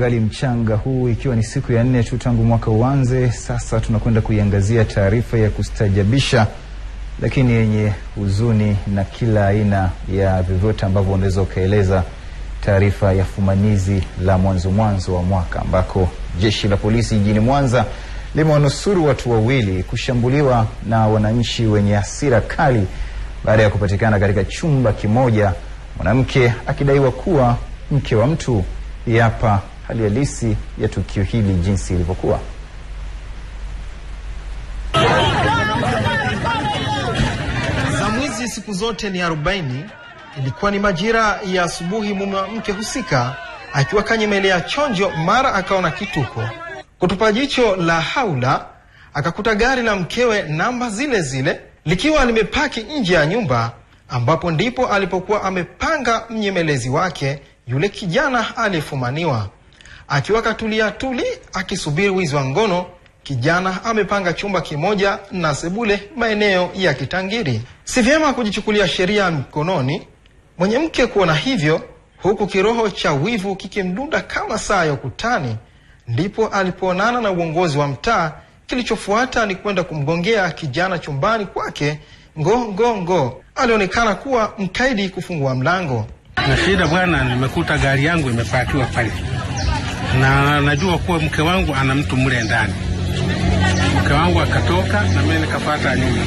ungali mchanga huu, ikiwa ni siku ya nne tu tangu mwaka uanze. Sasa tunakwenda kuiangazia taarifa ya kustajabisha lakini yenye huzuni na kila aina ya vyovyote ambavyo unaweza ukaeleza, taarifa ya fumanizi la mwanzo mwanzo wa mwaka ambako jeshi la polisi jijini Mwanza limewanusuru watu wawili kushambuliwa na wananchi wenye hasira kali baada ya kupatikana katika chumba kimoja, mwanamke akidaiwa kuwa mke wa mtu. Hii hapa hali halisi ya tukio hili jinsi ilivyokuwa. Zamizi siku zote ni arobaini. Ilikuwa ni majira ya asubuhi, mume wa mke husika akiwa kanyemelea chonjo, mara akaona kituko. Kutupa jicho la haula, akakuta gari la mkewe namba zile zile likiwa limepaki nje ya nyumba, ambapo ndipo alipokuwa amepanga mnyemelezi wake yule kijana aliyefumaniwa. Akiwa katulia tuli akisubiri wizi wa ngono, kijana amepanga chumba kimoja na sebule maeneo ya Kitangiri. Si vyema kujichukulia sheria mkononi, mwenye mke kuona hivyo, huku kiroho cha wivu kikimdunda kama saa ya ukutani. Ndipo alipoonana na uongozi wa mtaa, kilichofuata ni kwenda kumgongea kijana chumbani kwake. Ngo ngo ngo, alionekana kuwa mkaidi kufungua mlango. Na shida bwana, nimekuta gari yangu imepakiwa pale na najua kuwa mke wangu ana mtu mle ndani. Mke wangu akatoka na mimi nikapata nyuma.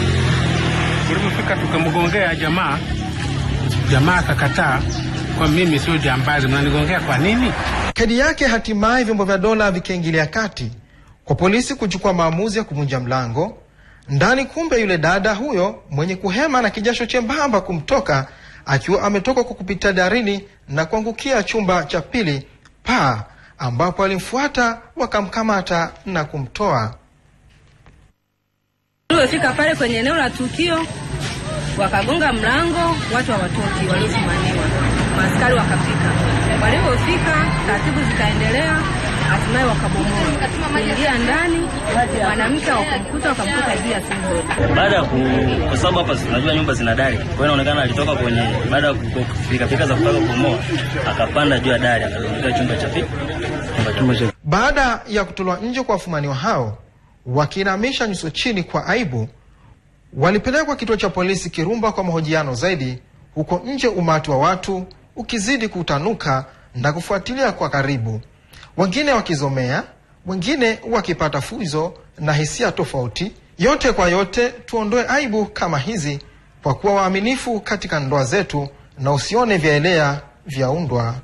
Tulipofika tukamgongea jamaa, jamaa akakataa kwa mimi sio jambazi, mnanigongea kwa nini? Kadi yake hatimaye vyombo vya dola vikaingilia kati kwa polisi kuchukua maamuzi ya kuvunja mlango ndani. Kumbe yule dada huyo mwenye kuhema na kijasho chembamba kumtoka akiwa ametoka kwa kupita darini na kuangukia chumba cha pili paa ambapo walimfuata wakamkamata na kumtoa. Tulivyofika pale kwenye eneo la tukio, wakagonga mlango, watu hawatoki, waliosimamiwa maaskari wakafika. Walivyofika taratibu zikaendelea, hatimaye wakabomoa, kuingia ndani, mwanamke wakamkuta, wakamkuta juu ya singo. Baada ya kwa sababu hapa unajua nyumba zina dari, kwa hiyo inaonekana alitoka kwenye, baada ya kufika fika za kutaka kubomoa, akapanda juu ya dari, akaingia chumba cha baada ya kutolewa nje kwa wafumaniwa hao wakiinamisha nyuso chini kwa aibu, walipelekwa kituo cha polisi Kirumba kwa mahojiano zaidi. Huko nje umati wa watu ukizidi kutanuka na kufuatilia kwa karibu, wengine wakizomea, wengine wakipata fuzo na hisia tofauti. Yote kwa yote, tuondoe aibu kama hizi kwa kuwa waaminifu katika ndoa zetu, na usione vyaelea vyaundwa